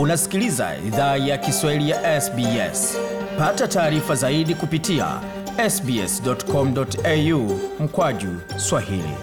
Unasikiliza idhaa ya Kiswahili ya SBS. Pata taarifa zaidi kupitia sbs.com.au mkwaju swahili.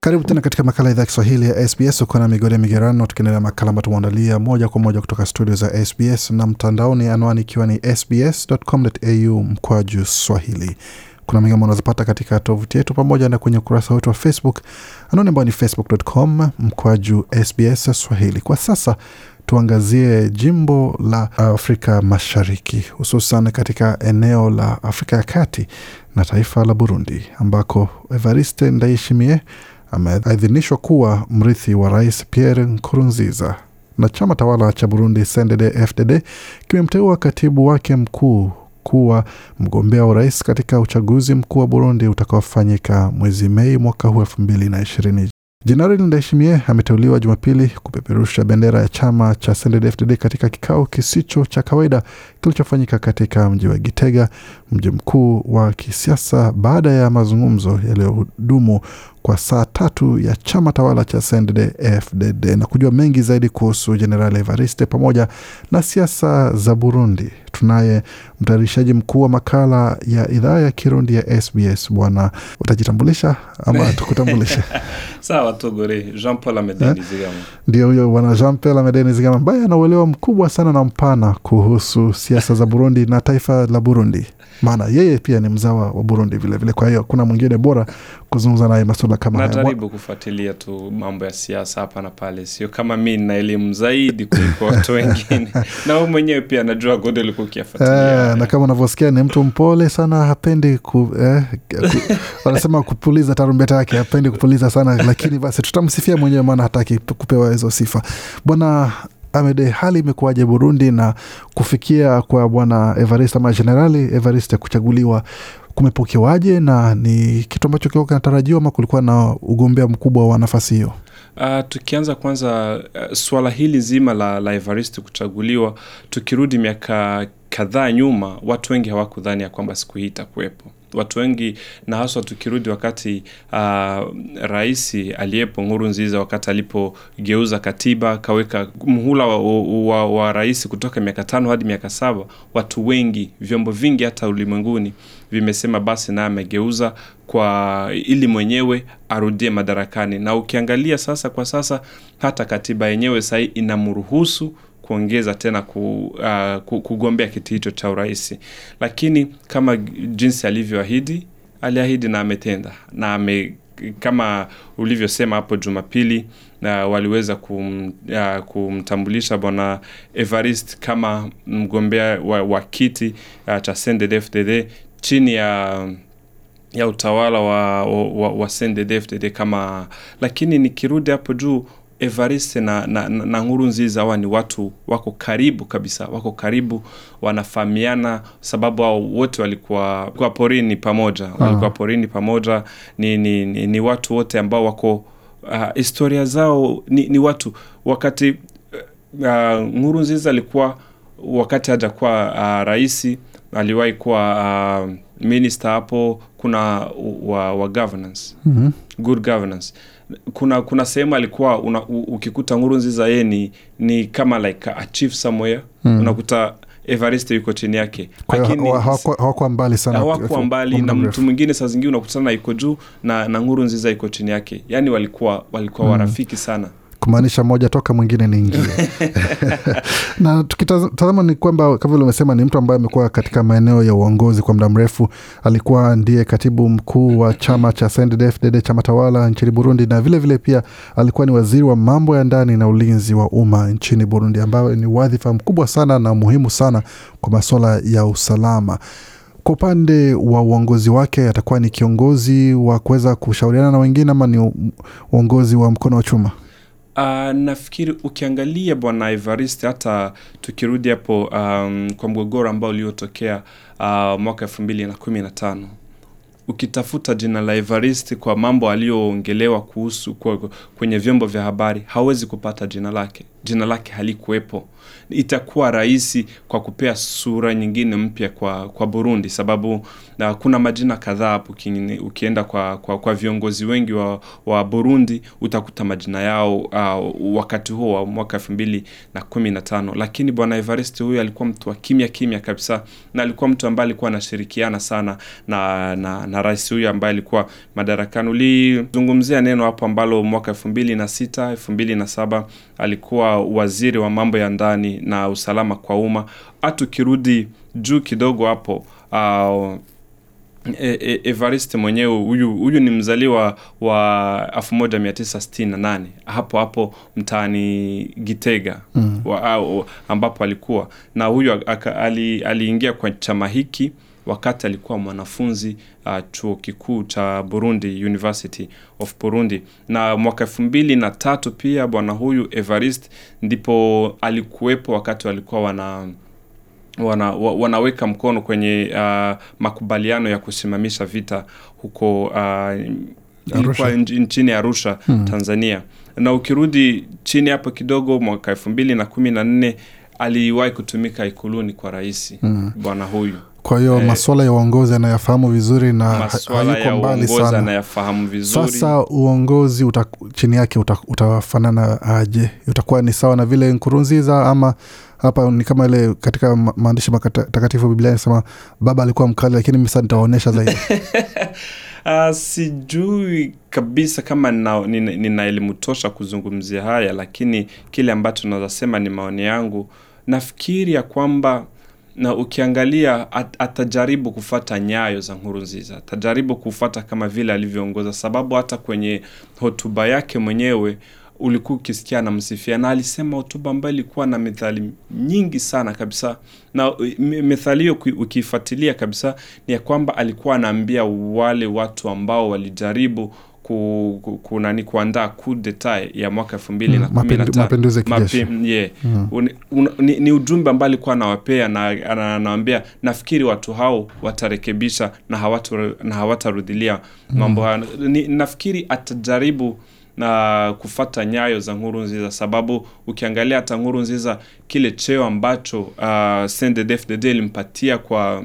Karibu tena katika makala idhaa ya Kiswahili ya SBS. Uko na migode migerano, tukiendelea makala ambayo tumeandalia moja kwa moja kutoka studio za SBS na mtandaoni, anwani ikiwa ni sbs.com.au mkwaju swahili. Kuna mengi ambao unazipata katika tovuti yetu pamoja na kwenye ukurasa wetu wa Facebook anaoni ambao ni facebook.com mkwaju SBS Swahili. Kwa sasa tuangazie jimbo la Afrika Mashariki, hususan katika eneo la Afrika ya Kati na taifa la Burundi, ambako Evariste Ndayishimiye ameidhinishwa kuwa mrithi wa Rais Pierre Nkurunziza, na chama tawala cha Burundi CNDD-FDD kimemteua katibu wake mkuu kuwa mgombea urais katika uchaguzi mkuu wa Burundi utakaofanyika mwezi Mei mwaka huu elfu mbili na ishirini. Jenerali Ndayishimiye ameteuliwa Jumapili kupeperusha bendera ya chama cha CNDD-FDD katika kikao kisicho cha kawaida kilichofanyika katika mji wa Gitega, mji mkuu wa kisiasa, baada ya mazungumzo yaliyohudumu kwa saa tatu ya chama tawala cha CNDD-FDD na kujua mengi zaidi kuhusu Jenerali Evariste pamoja na siasa za Burundi. Tunaye mtayarishaji mkuu wa makala ya idhaa ya Kirundi ya SBS. Bwana, utajitambulisha ama tukutambulisha? Sawa Tugori, Jean Paul Amedenizigama. Eh? ndio huyo bwana Jean Paul Amedeni Zigama ambaye ana uelewa mkubwa sana na mpana kuhusu siasa za Burundi na taifa la Burundi, maana yeye pia ni mzawa wa Burundi vilevile vile. Kwa hiyo kuna mwingine bora kuzungumza naye masuala maswala kama haya. Najaribu kufuatilia tu mambo ya siasa hapa na pale, sio kama mi na elimu zaidi kuliko watu wengine na wewe mwenyewe pia najua Gode ulikuwa ukiyafuatilia eh, na kama unavyosikia ni mtu mpole sana, hapendi ku, eh, ku, wanasema kupuliza tarumbeta yake, hapendi kupuliza sana, lakini basi tutamsifia mwenyewe, maana hataki kupewa hizo sifa. Bwana Amede, hali imekuwaje Burundi na kufikia kwa bwana Evariste ama Generali Evariste kuchaguliwa kumepokewaje na ni kitu ambacho kiwa kinatarajiwa ama kulikuwa na ugombea mkubwa wa nafasi hiyo? Uh, tukianza kwanza uh, swala hili zima la, la kuchaguliwa, tukirudi miaka kadhaa nyuma, watu wengi hawakudhani ya kwamba siku hii itakuwepo watu wengi na haswa tukirudi wakati uh, rais aliyepo nziza wakati alipogeuza katiba kaweka mhula wa, wa, wa rais kutoka miaka tano hadi miaka saba, watu wengi, vyombo vingi hata ulimwenguni vimesema basi naye amegeuza kwa ili mwenyewe arudie madarakani. Na ukiangalia sasa, kwa sasa hata katiba yenyewe sahii inamruhusu kuongeza tena ku, uh, kugombea kiti hicho cha urais, lakini kama jinsi alivyoahidi, aliahidi na ametenda na ame kama ulivyosema hapo Jumapili na uh, waliweza kum, uh, kumtambulisha bwana Evarist kama mgombea wa, wa kiti uh, cha CNDD-FDD chini ya ya utawala wa wa, wa CNDD-FDD kama, lakini nikirudi hapo juu Evariste na, na, na Nkuru Nziza hawa ni watu wako karibu kabisa, wako karibu, wanafahamiana sababu hao wote walikuwa kwa porini pamoja, ah. walikuwa porini pamoja. Ni, ni, ni, ni watu wote ambao wako uh, historia zao ni, ni watu wakati uh, ah, Nkuru Nziza alikuwa wakati hajakuwa uh, raisi aliwahi kuwa uh, minister hapo kuna wa, wa governance mm -hmm. good governance kuna kuna sehemu alikuwa una, u, ukikuta nguru nziza ye ni, ni kama like a chief somewhere mm. unakuta evariste yuko chini yake hawakuwa mbali sana hawakuwa mbali na mtu mwingine saa zingine unakutana iko juu na, na nguru nziza iko chini yake yaani walikuwa walikuwa mm. warafiki sana kumaanisha moja toka mwingine niingie. na tukitazama ni kwamba kama vile umesema, ni mtu ambaye amekuwa katika maeneo ya uongozi kwa muda mrefu. Alikuwa ndiye katibu mkuu wa chama cha cndd chama tawala nchini Burundi, na vilevile vile pia alikuwa ni waziri wa mambo ya ndani na ulinzi wa umma nchini Burundi, ambayo ni wadhifa mkubwa sana na muhimu sana kwa masuala ya usalama. Kwa upande wa uongozi wake, atakuwa ni kiongozi wa kuweza kushauriana na wengine ama ni uongozi wa mkono wa chuma? Uh, nafikiri ukiangalia Bwana evarist hata tukirudi hapo um, kwa mgogoro ambao uliotokea uh, mwaka elfu mbili na kumi na tano ukitafuta jina la Evariste kwa mambo aliyoongelewa kuhusu kwa, kwenye vyombo vya habari hawezi kupata jina lake. Jina lake halikuwepo. Itakuwa rahisi kwa kupea sura nyingine mpya kwa, kwa Burundi sababu na kuna majina kadhaa hapo. Ukienda kwa, kwa, kwa viongozi wengi wa, wa Burundi utakuta majina yao uh, wakati huo wa mwaka elfu mbili na kumi na tano, lakini bwana Evariste huyu alikuwa mtu wa kimya kimya kabisa, na alikuwa mtu ambaye alikuwa anashirikiana sana na, na, na na rais huyu ambaye alikuwa madarakani. Ulizungumzia neno hapo ambalo mwaka elfu mbili na sita elfu mbili na saba alikuwa waziri wa mambo ya ndani na usalama kwa umma. Hata ukirudi juu kidogo hapo uh, E, e, Evariste mwenyewe huyu huyu ni mzaliwa wa 1968 hapo hapo mtaani Gitega mm. wa, au, ambapo alikuwa na huyu aliingia kwa chama hiki wakati alikuwa mwanafunzi uh, chuo kikuu cha Burundi, University of Burundi, na mwaka elfu mbili na tatu pia bwana huyu Evarist ndipo alikuwepo wakati walikuwa wana Wana, wanaweka mkono kwenye uh, makubaliano ya kusimamisha vita huko uh, nchini Arusha hmm, Tanzania. Na ukirudi chini hapo kidogo, mwaka elfu mbili na kumi na nne aliwahi kutumika ikuluni kwa rais hmm, bwana huyu kwa hiyo e, maswala ya uongozi anayafahamu vizuri na hayuko mbali sana Sasa uongozi uta, chini yake uta, utafanana aje? Utakuwa ni sawa na vile Nkurunziza ama hapa ni kama ile katika maandishi matakatifu Biblia inasema baba alikuwa mkali, lakini mimi sasa nitawaonyesha zaidi Uh, sijui kabisa kama nina, nina elimu tosha kuzungumzia haya, lakini kile ambacho naweza sema ni maoni yangu, nafikiri ya kwamba na ukiangalia at, atajaribu kufata nyayo za Nkurunziza, atajaribu kufata kama vile alivyoongoza, sababu hata kwenye hotuba yake mwenyewe ulikuwa ukisikia anamsifia, na alisema hotuba ambayo ilikuwa na methali nyingi sana kabisa, na e, methali hiyo ukiifuatilia kabisa ni ya kwamba alikuwa anaambia wale watu ambao walijaribu ku, ku, ku kuandaa coup ya mwaka 2015 mm, mm. ni, ni ujumbe ambao alikuwa anawapea na anawambia na, nafikiri watu hao watarekebisha na hawatu, na hawatarudhilia mm. mambo hayo nafikiri atajaribu na kufata nyayo za nguru nziza sababu ukiangalia hata nziza kile cheo ambacho uh, cndd ilimpatia kwa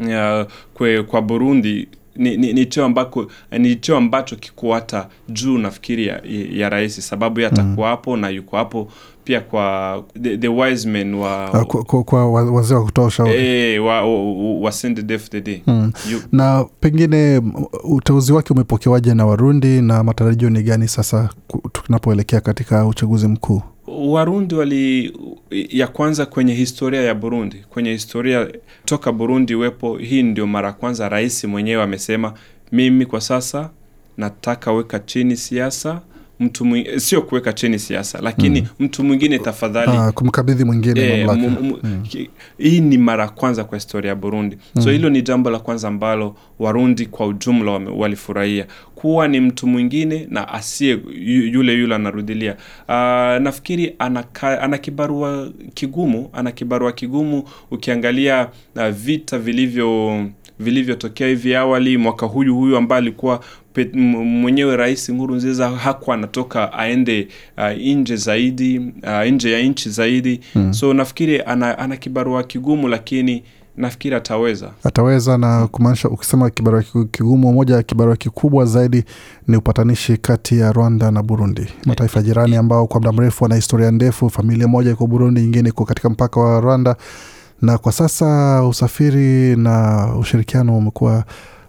uh, kwe, kwa Burundi ni, ni, ni cheo ambako ni cheo ambacho kiko hata juu nafikiri ya, ya rais sababu yeye atakuwa mm. hapo na yuko hapo pia kwa the, the wise men wa uh, kwa, kwa, kwa wazee wa kutoa ushauri e, eh, wa, wa, mm. na pengine uteuzi wake umepokewaje na Warundi na matarajio ni gani sasa tunapoelekea katika uchaguzi mkuu? Warundi wali ya kwanza kwenye historia ya Burundi, kwenye historia toka Burundi iwepo. Hii ndio mara ya kwanza rais mwenyewe amesema, mimi kwa sasa nataka weka chini siasa mtu mwingine, sio kuweka chini siasa, lakini mm. mtu mwingine tafadhali, ah, kumkabidhi mwingine e, mm. Hii ni mara ya kwanza kwa historia ya Burundi mm. so hilo ni jambo la kwanza ambalo Warundi kwa ujumla walifurahia kuwa ni mtu mwingine na asiye yule yule anarudilia. Uh, nafikiri ana kibarua kigumu, ana kibarua kigumu ukiangalia uh, vita vilivyo vilivyotokea hivi awali mwaka huyu huyu ambaye alikuwa mwenyewe Rais nziza hakwa anatoka aende uh, nje zaidi uh, nje ya nchi zaidi mm. So nafikiri ana, ana kibarua kigumu lakini nafikiri ataweza ataweza, na kumaanisha, ukisema kibarua kigumu, moja ya kibarua kikubwa zaidi ni upatanishi kati ya Rwanda na Burundi, mataifa jirani ambao kwa muda mrefu wana historia ndefu. Familia moja iko Burundi, nyingine iko katika mpaka wa Rwanda na kwa sasa usafiri na ushirikiano umekuwa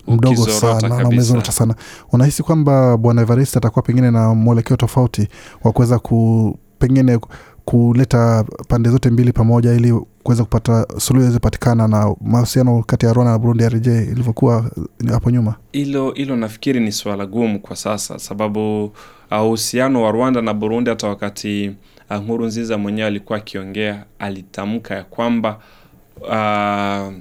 mdogo sana na umezorota sana. Unahisi kwamba Bwana Evarist atakuwa pengine na mwelekeo tofauti wa kuweza ku pengine kuleta pande zote mbili pamoja ili kuweza kupata suluhu ilizopatikana na mahusiano kati ya Rwanda na Burundi yarejee ilivyokuwa hapo nyuma? Hilo hilo nafikiri ni swala gumu kwa sasa, sababu ah, uhusiano wa Rwanda na Burundi, hata wakati ah, Nkurunziza mwenyewe alikuwa akiongea, alitamka ya kwamba uh,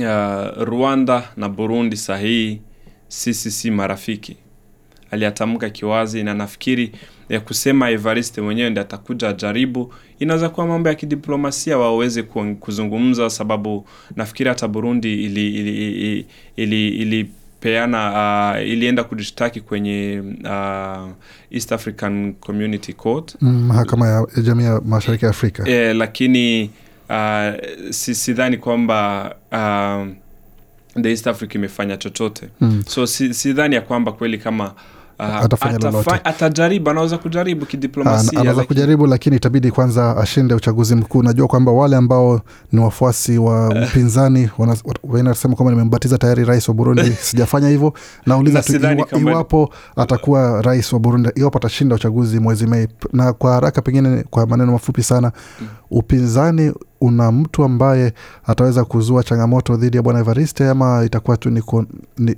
uh, Rwanda na Burundi sahihi sisi si marafiki, aliyatamka kiwazi, na nafikiri ya kusema Evariste mwenyewe ndiye atakuja jaribu inaweza kuwa mambo ya kidiplomasia waweze kuzungumza, sababu nafikiri hata Burundi ili ili, ili, ili peana uh, ilienda kujishtaki kwenye uh, East African Community Court, mm, mahakama ya jamii ya mashariki ya Afrika eh, lakini uh, sidhani kwamba uh, the East Africa imefanya chochote mm. so sidhani si ya kwamba kweli kama Uh, ah, atafa, atajaribu anaweza kujaribu kidiplomasia anaweza like... kujaribu lakini itabidi kwanza ashinde uchaguzi mkuu najua kwamba wale ambao ni wafuasi wa mpinzani eh. wanasema kwamba nimembatiza tayari rais wa burundi sijafanya hivyo nauliza tu iwa, iwapo atakuwa rais wa burundi iwapo atashinda uchaguzi mwezi mei na kwa haraka pengine kwa maneno mafupi sana mm upinzani una mtu ambaye ataweza kuzua changamoto dhidi ya bwana Evariste ama itakuwa tu ni,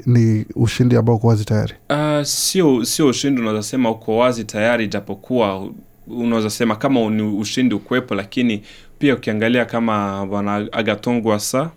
ni, ushindi ambao uko wazi tayari? Uh, sio sio ushindi unaweza sema uko wazi tayari, ijapokuwa unaweza sema kama ni ushindi ukuwepo, lakini pia ukiangalia kama bwana Agathon Rwasa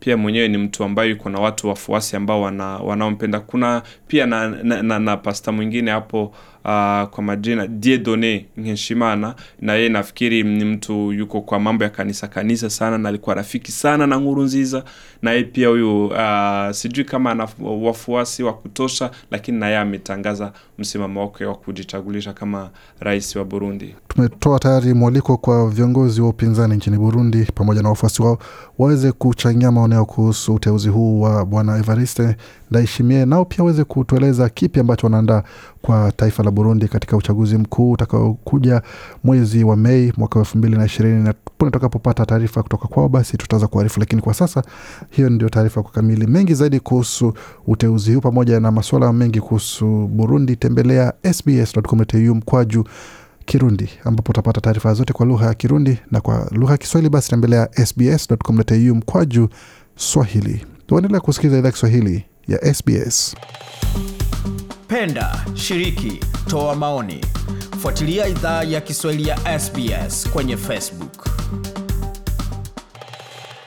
pia mwenyewe ni mtu ambaye yuko na watu wafuasi ambao wana, wanaompenda. Kuna pia na, na, na, na pasta mwingine hapo uh, kwa majina Dieudonne Nkeshimana, na yeye nafikiri ni mtu yuko kwa mambo ya kanisa kanisa sana, na alikuwa rafiki sana na Nkurunziza, na yeye pia huyu uh, sijui kama ana wafuasi wa kutosha, lakini na yeye ametangaza msimamo wake wa kujichagulisha kama rais wa Burundi. Tumetoa tayari mwaliko kwa viongozi wa upinzani nchini Burundi pamoja na wafuasi wao waweze kuchangia maoni yao kuhusu uteuzi huu wa bwana Evariste Ndayishimiye, nao pia waweze kutueleza kipi ambacho wanaandaa kwa taifa la Burundi katika uchaguzi mkuu utakaokuja mwezi wa Mei mwaka wa elfu mbili na ishirini na punde tutakapopata taarifa kutoka kwao, basi tutaweza kuarifu. Lakini kwa sasa hiyo ndio taarifa kwa kamili. Mengi zaidi kuhusu uteuzi huu pamoja na masuala mengi kuhusu Burundi, tembelea sbs.com.au mkwaju Kirundi ambapo utapata taarifa zote kwa lugha ya Kirundi na kwa lugha ya Kiswahili, basi tembelea sbs.com.au mkwaju Swahili. Tuendelea kusikiliza idhaa Kiswahili ya SBS. Penda, shiriki, toa maoni, fuatilia idhaa ya Kiswahili ya SBS kwenye Facebook.